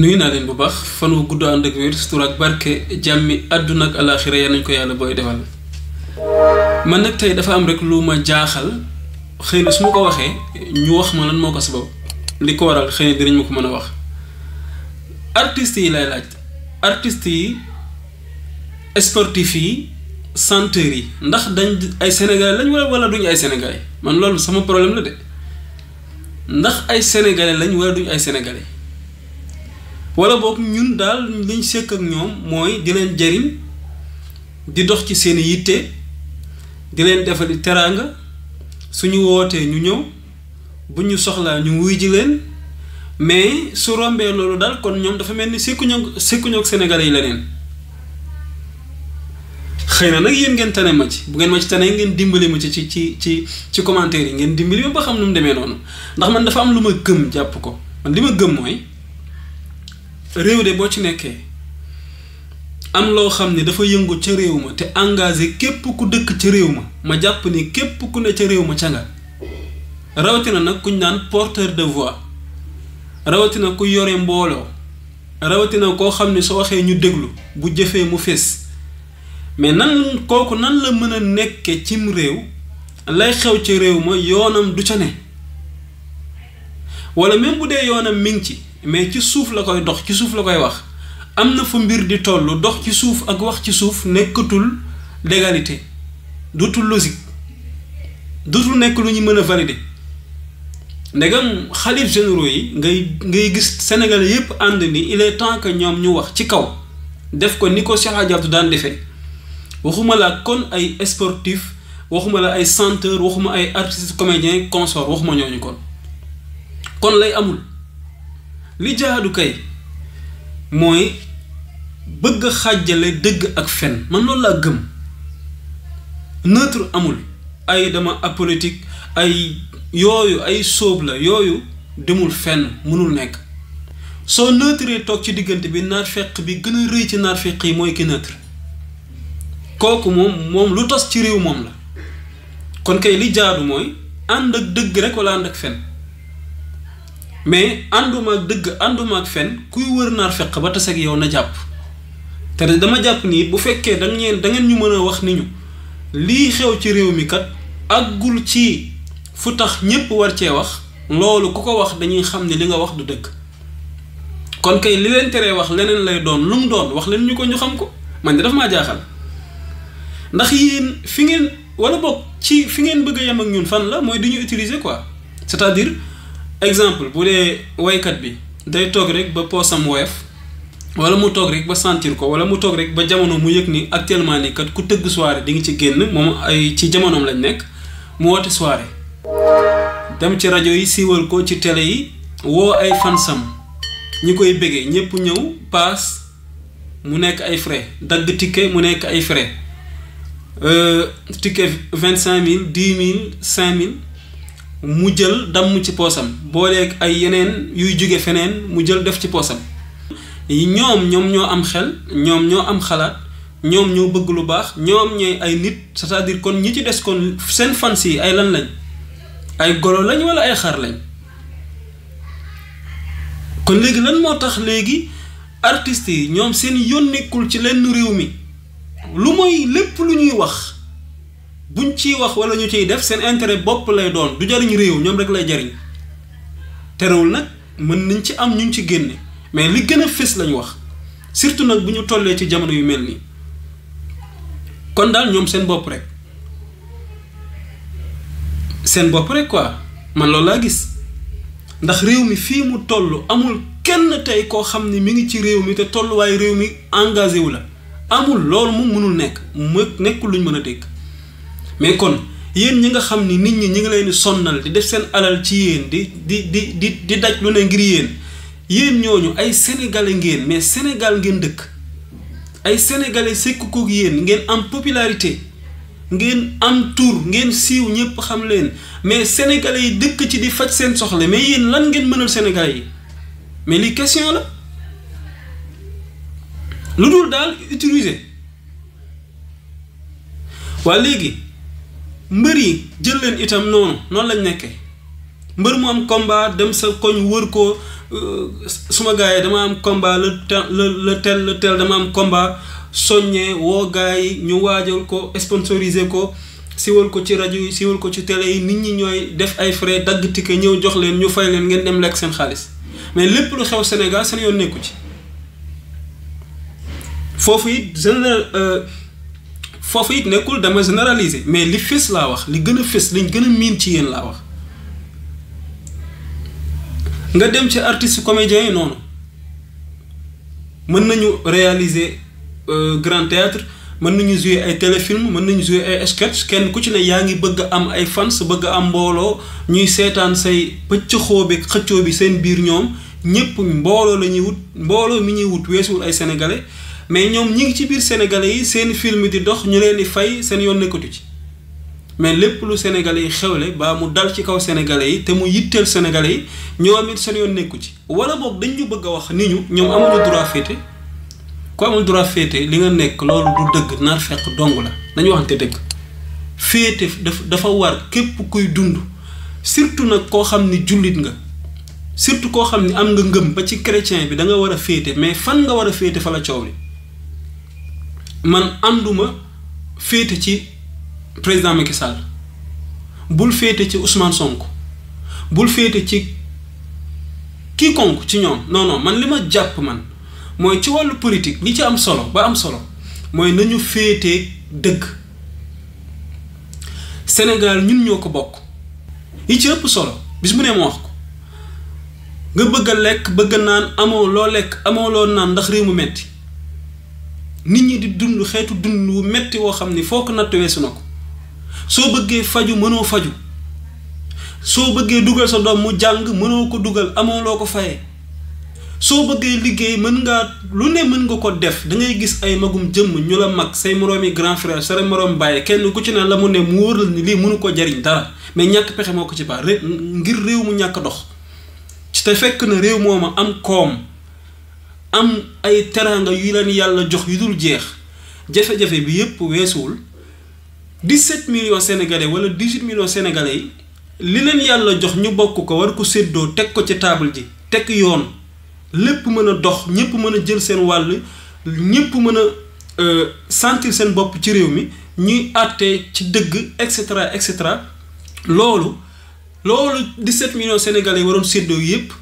nuyu naa leen bu baax fan wu gudd ànd ak wér sutura ak barke jàmmi àdduna ak alaaxira yaa nañ ko yàlla booy defal man nag tey dafa am rek lu ma jaaxal xëy na su ma ko waxee ñu wax ma lan moo ko sabab li ko waral xëy na dinañ ma ko mën a wax artistes yi lay laaj artist yi sportifs yi chanteurs yi ndax dañ ay sénégalais lañ wala wala duñ ay sénégalais man loolu sama problème la de ndax ay sénégalais lañ wala duñ ay sénégalais. wala boobu ñun daal liñ sëkk ak ñoom mooy di leen jariñ di dox ci seeni yitte di leen defal teraanga suñu wootee ñu ñëw bu ñu soxlaa ñu wuy ji leen mais su rombee loolu daal kon ñoom dafa mel ni sëkkuñoo sëkkuñoo ak Sénégalais yi leneen xëy na nag yéen ngeen tane ma ci bu ngeen ma ci tane ngeen dimbali ma ci ci ci ci ci commentaire yi ngeen dimbali ma ba xam nu mu demee noonu ndax man dafa am lu ma gëm jàpp ko man li ma gëm mooy. réew de boo ci nekkee am loo xam ne dafa yëngu ca réew ma te engagé képp ku dëkk ca réew ma ma jàpp ni képp ku ne ca réew ma ca nga rawatina nag kuñ naan porteur de voix rawatina ku yore mbooloo rawatina koo xam ne soo waxee ñu déglu bu jëfee mu fees mais nan kooku nan la mën a nekke cim réew lay xew ca réew ma yoonam du ca ne wala même bu dee yoonam mi ngi ci mais ci suuf la koy dox ci suuf la koy wax am na fa mbir di toll dox ci suuf ak wax ci suuf nekkatul légalité dootul logique dootul nekk lu ñu mën a valider ndegam xalif généraux yi ngay ngay gis sénégalais yépp ànd ni il est temps que ñoom ñu wax ci kaw def ko ni ko Cheikh Adjabtu daan defee waxuma la kon ay sportif waxuma la ay chanteur waxuma ay artiste comédien consort waxuma ñooñu kon kon lay amul li jaadu kay mooy bëgg xàjjale dëgg ak fen man loolu laa gëm neutre amul ay dama apolitique ay yooyu ay sóob la yooyu demul fenn mënul nekk soo neutre toog ci diggante bi naat feq bi gën a rëy ci naat feq yi mooy ki neutre kooku moom moom lu tos ci réew moom la kon kay li jaadu mooy ànd ak dëgg rek wala ànd ak fen mais ànduma ak dëgg ànduma ak fen kuy wër naar feq ba tas ak yow na jàpp te dama jàpp nii bu fekkee da ngeen da ngeen ñu mën a wax ni ñu lii xew ci réew mi kat àggul ci fu tax ñépp war cee wax loolu ku ko wax dañuy xam ne li nga wax du dëgg kon kay li leen teree wax leneen lay doon lu doon wax leen ñu ko ñu xam ko man de dafa maa jaaxal ndax yéen fi ngeen wala bokk ci fi ngeen bëgg a yem ak ñun fan la mooy di ñu utiliser quoi c'est-à-dire. exemple bu dee woykat bi day toog rek ba poosam woyof wala mu toog rek ba sentir ko wala mu toog rek ba jamono mu yëg ni actuellement ni kat ku tëgg soirée di nga ci génn moom ay ci jamonoom lañ nekk mu woote soirée dem ci rajo yi siiwal ko ci télé yi woo ay fansam ñi koy bëggee ñëpp ñëw paas mu nekk ay frais dagg ticket mu nekk ay frais euh, ticket vingt cinq mille dix mille cinq mille mu jël damm ci poosam booleek ay yeneen yuy jóge feneen mu jël def ci poosam ñoom ñoom ñoo am xel ñoom ñoo am xalaat ñoom ñoo bëgg lu baax ñoom ñooy ay nit cest à kon ñi ci des kon seen fans yi ay lan lañ ay golo lañ walla ay xar lañ kon léegi lan moo tax léegi artist yi ñoom seen yoon nekkul ci lenn réew mi lu mooy lépp lu ñuy wax buñ ci wax wala ñu ciy def seen intérêt bopp lay doon du jariñ réew ñom rek lay jariñ terewul nak mën nañ ci am ñu ci génné mais li gëna fess lañ wax surtout nak buñu tollé ci jamono yu melni kon dal ñom seen bopp rek seen bopp rek quoi man lool la gis ndax réew mi fi mu tollu amul kenn tey koo xam ni mi ngi ci réew mi te tolluwaay réew mi engagé wu la amul loolu mu mënul nekk mu nekkul luñ mën dégg mais kon yéen ñi nga xam ni nit ñi ñi ngi leen di sonnal di def seen alal ci yéen di di di di daj lu ne ngir yéen yéen ñooñu ay sénégalais ngeen mais Sénégal ngeen dëkk ay sénégalais sekk koog yéen ngeen am popularité ngeen am tur ngeen siiw ñëpp xam leen mais sénégalais yi dëkk ci di faj seen soxla mais yéen lan ngeen mënal sénégalais yi mais lii question la lu dul daal utiliser waa léegi. mbër yi jël leen itam noonu noonu lañ nekkee mbër mu am combat dem sa koñ wër ko euh, suma gars yi dama am combat tel le tel dama am combat soññee woo yi ñu waajal ko sponsoriser ko siwal ko ci rajo yi siwal ko ci télé yi nit ñi ñooy def ay frais dagg ticket ñëw jox leen ñu fay leen ngeen dem lekk seen xaalis mais lépp lu xew Sénégal seen yoon nekku ci foofu it euh, foofu it nekkul dama généraliser mais li fës laa wax li gën a fës liñ gën a miin ci yéen laa wax nga dem ci artiste comédien yi noonu mën nañu réaliser euh, grand théâtre mën nañu jouer ay téléfilm mën nañu jouer ay sketch kenn ku ci ne yaa ngi bëgg am ay fans bëgg am mbooloo ñuy seetaan say pëccëxoo bi xëccoo bi seen biir ñoom ñëpp mbooloo la ñuy wut mbooloo mi ñuy wut weesuwul ay sénégalais mais ñoom ñi ngi ci biir sénégalais yi seen film di dox ñu leen di fay seen yoon nekkatu ci mais lépp lu sénégalais yi xewle ba mu dal ci kaw sénégalais yi te mu yitteel sénégalais yi ñoom it seen yoon nekku ci wala boog dañ ñu bëgg a wax ni ñu ñoom amuñu droit féete ku amul droit li nga nekk loolu du dëgg naar fekk dong la dañu te dëgg féete dafa war képp kuy dund surtout nag koo xam ni jullit nga surtout koo xam ni am nga ngëm ba ci chrétien bi da nga war a féete mais fan nga war a féete fa coow li man ànduma féete ci président Macky Sall bul féete ci Ousmane sonk bul féete ci quiconque ci ñoom non man li ma jàpp man mooy ci wàllu politique li ci am solo ba am solo mooy nañu féetee dëgg Sénégal ñun ñoo ko bokk yi ci ëpp solo bis mu ne ma wax ko nga bëgg lekk bëgg a naan amoo loo lekk amoo loo naan ndax réew mu metti nit ñi di dund xeetu dund wu metti woo xam ni foo ko natt weesu na ko soo bëggee faju mënoo faju soo bëggee dugal sa doom mu jàng mënoo ko dugal amoo loo ko fayee soo bëggee liggéey mën ngaa lu ne mën nga ko def da gis ay magum jëmm ñu la mag say moroomi grand frère sa moroom bàyyi kenn ku ci ne la mu ne mu wóor la ni lii mënu ko jariñ dara mais ñàkk pexe moo ko ci baax ngir réew mu ñàkk dox ci te fekk na réew moo am koom am ay teraanga yu leen yàlla jox yu dul jeex jafe-jafe bi yëpp weesuwul 17 millions sénégalais wala 18 millions sénégalais yi li leen yàlla jox ñu bokk ko war ko séddoo teg ko ci taabal ji teg yoon lépp mën a dox ñëpp mën a jël seen wàll ñëpp mën a euh, santil seen bopp ci réew mi ñuy àttee ci dëgg et cetera et cetera loolu loolu 17 millions sénégalais yi waroon séddoo yëpp.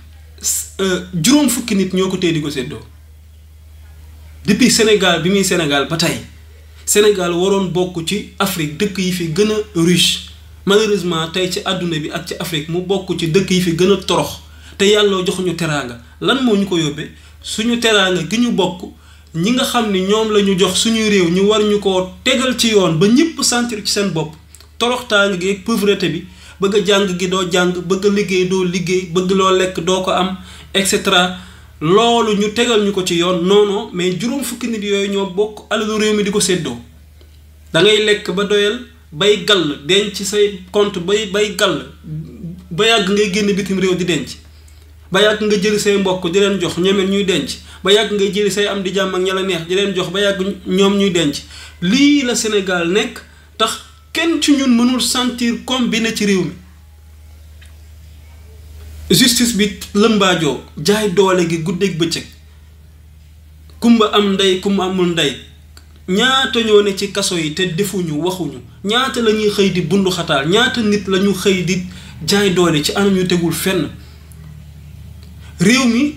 Euh, juróom fukki nit ñoo ko téye di ko séddoo depuis Sénégal bi muy Sénégal ba tey Sénégal waroon bokk ci Afrique dëkk yi fi gën a riche malheureusement tey ci àdduna bi ak ci Afrique mu bokk ci dëkk yi fi gën a torox te yàlla joxuñu ñu teraanga lan moo ñu ko yóbbee suñu teraanga gi ñu bokk ñi nga xam ni ñoom lañu jox suñuy réew ñu war ñu ko tegal ci yoon ba ñëpp sentir ci seen bopp toroxtaange gi ak pauvreté bi. bëgg a jàng gi doo jàng bëgg liggéey doo liggéey bëgg loo lekk doo ko am et cetera loolu ñu tegal ñu ko ci yoon non non mais juróom fukki nit yooyu ñoo bokk alalu réew mi di ko séddoo dangay lekk ba doyal bay gàll denc say compte bay gal gàll ba yàgg ngay génn bitim réew di denc ba yàgg nga jëli say mbokk di jox ñoom ñuy denc ba yàgg ngay jëli say am di jàmm ak ña la neex di leen jox ba yàgg ñoom ñuy denc lii la Sénégal nekk tax. kenn ci ñun mënul sentir comme bi na ci réew mi justice bi lëmbaajoo jaay doole gi guddeeg bëccëg kumba am ndey kumba amul ndey ñaata ñoo ne ci kaso yi te defuñu waxuñu ñaata lañuy ñuy xëy di bundu ñaata nit la ñu xëy di jaay doole ci anam ñu tegul fenn réew mi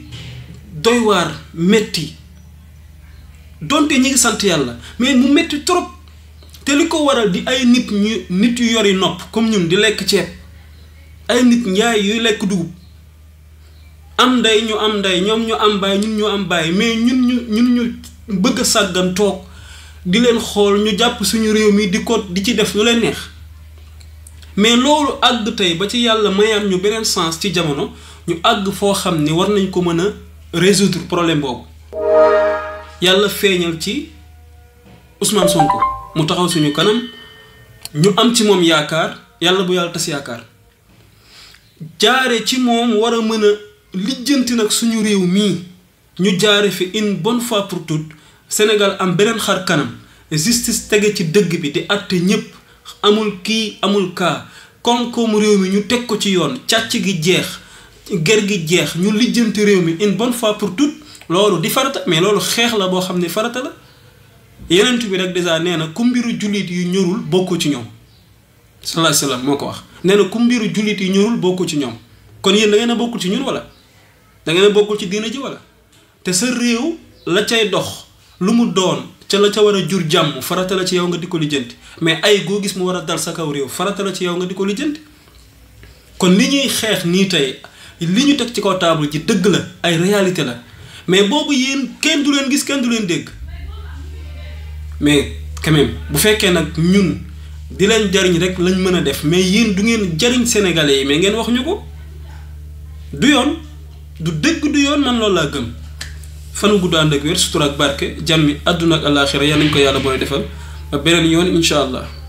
doy waar metti donte ñi ngi sant yàlla mais mu metti trop te li ko waral di ay nit ñu nit yu yori nopp comme ñun di lek ceeb ay nit ñay yu lek dugub am nday ñu am nday ñom ñu am nyu ñun ñu am bay mais ñun ñu ñun ñu bëgg nyu tok di leen xol ñu japp suñu réew mi di ko di ci def lu leen neex mais nyu ag tay ba ci yalla mayam ñu benen sens ci jamono ñu ag fo xamni war nañ ko mëna résoudre problème bobu yalla feñal ci Ousmane Sonko mu taxaw suñu kanam ñu am ci moom yaakaar yàlla bu yàlla tas yaakaar jaare ci moom war a mën a lijjanti nag suñu réew mii ñu jaare fi une bonne fois pour toutes Sénégal am beneen xar kanam justice tege ci dëgg bi di àtte ñépp amul kii amul kaa koom-koomu réew mi ñu teg ko ci yoon càcc gi jeex ger gi jeex ñu lijjanti réew mi une bonne fois pour tout loolu di farata mais loolu xeex la boo xam ne farata la yenent bi rek dèjà nee na ku mbiru jullit yu ñorul bokkoo ci ñoom sallallahu alayhi wasallam moo ko wax nee na ku mbiru jullit yu ñorul ci ñoom kon yéen da a bokkul ci ñun wala da ngeen a bokkul ci diina ji wala te sa réew la cay dox lu mu doon ca la ca war a jur jàmm farata la ci yow nga di ko lijjanti mais ay goo gis mu war a dal sa kaw réew farata la ci yow nga di ko lijjanti kon li ñuy xeex nii tey li ñu teg ci kaw table ji dëgg la ay réalité la mais boobu yéen kenn du leen gis kenn du leen dégg mais quand même bu fekkee nag ñun di leen jariñ rek lañ mën a def mais yéen du ngeen jariñ sénégalais yi mais ngeen wax ñu ko du yoon du dëgg du yoon nan loolu laa gëm fanu gudd ànd ak wér sutura ak barke jàmmi àdduna ak àllaaxira yal nañ ko yàlla booy defal ba beneen yoon incha allah.